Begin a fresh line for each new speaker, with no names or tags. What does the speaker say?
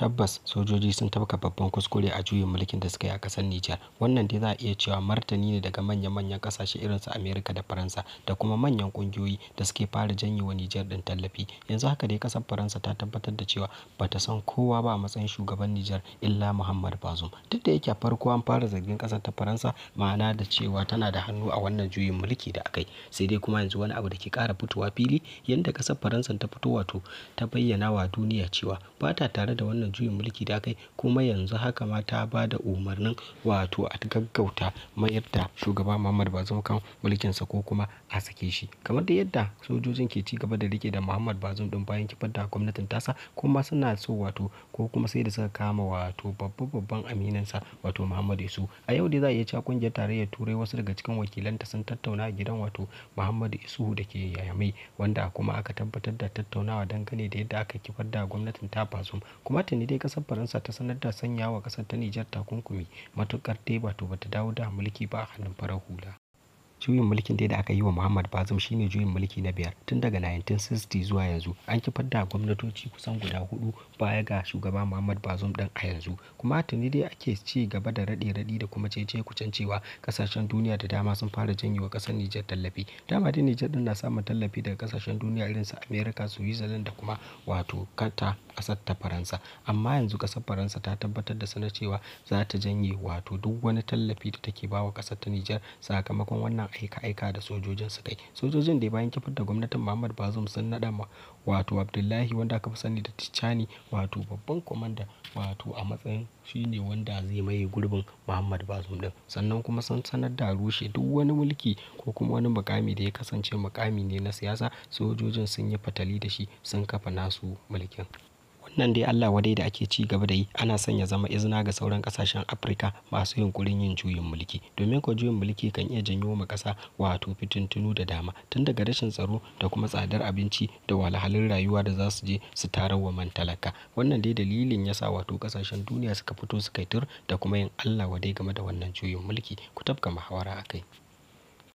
Tabbas sojoji sun tafka babban kuskure a juyin mulkin da suka yi a kasar Nijar. Wannan dai za a iya cewa martani ne daga manya-manyan kasashe irin su Amerika da Faransa da kuma manyan kungiyoyi da suke fara janye wa Nijar din tallafi. Yanzu haka dai kasar Faransa ta tabbatar da cewa bata ta san kowa ba a matsayin shugaban Nijar illa Muhammad Bazoum. Duk da yake a farko an fara zargin kasar ta Faransa ma'ana da cewa tana da hannu a wannan juyin mulki da aka yi. Sai dai kuma yanzu wani abu da ke kara fitowa fili yadda kasar faransa ta fito wato ta bayyana wa duniya cewa ba ta tare da wannan juyin mulki da aka yi kuma yanzu haka ma ta ba da umarnin wato a gaggauta mayar da shugaba Muhammad Bazoum kan mulkinsa ko kuma a sake shi kamar da yadda sojojin ke ci gaba da rike da Muhammad Bazoum din bayan kifar da gwamnatin tasa kuma suna so wato ko kuma sai da suka kama wato babban babban aminansa wato Muhammad Isu a yau dai za a iya cewa kungiyar tarayyar Turai wasu daga cikin wakilanta sun tattauna a gidan wato Muhammad Isu da ke Yayamai wanda kuma aka tabbatar da tattaunawa dangane da yadda aka kifar da gwamnatin ta Bazoum kuma tun ne dai kasar faransa ta sanar da sanya wa kasar ta nijar takunkumi matukar teba to bata dawo da mulki ba a hannun farar hula Juyin mulkin dai da aka yi wa Muhammad bazum shine juyin mulki na biyar tun daga 1960 zuwa yanzu. An kifar da gwamnatoci kusan guda hudu baya ga shugaba Muhammad bazum ɗin a yanzu. Kuma tuni dai ake ci gaba da raɗe-raɗi da kuma cece-kucen cewa kasashen duniya da dama sun fara janyewa ƙasar Nijar tallafi. Dama dai Nijar din na samun tallafi daga kasashen duniya irin su Amerika, Switzerland da kuma wato kata ƙasar ta Faransa. Amma yanzu ƙasar Faransa ta tabbatar da sanar cewa za ta janye wato duk wani tallafi da take bawa wa ta Nijar sakamakon wannan aika-aika da sojojin su kai. Sojojin da bayan kifar da gwamnatin Muhammad bazum sun naɗa ma wato Abdullahi wanda aka fi sani da Tijjani wato babban kwamanda wato a matsayin shine wanda zai maye gurbin Muhammad bazum ɗin. Sannan kuma sun sanar da rushe duk wani mulki ko kuma wani mukami da ya kasance mukami ne na siyasa. Sojojin sun yi fatali da shi sun kafa nasu mulkin. Wannan dai Allah wadai da ake ci gaba da yi ana son ya zama izina ga sauran kasashen Afirka masu yunkurin yin juyin mulki. Domin ko juyin mulki kan iya janyo ma kasa wato fitintunu da dama tun daga rashin tsaro da kuma tsadar abinci da wahalhalun rayuwa da za su je su tarar wa man talaka. Wannan dai dalilin yasa wato kasashen duniya suka fito suka yi tur da kuma yin Allah wadai game da wannan juyin mulki. Ku tafka muhawara akai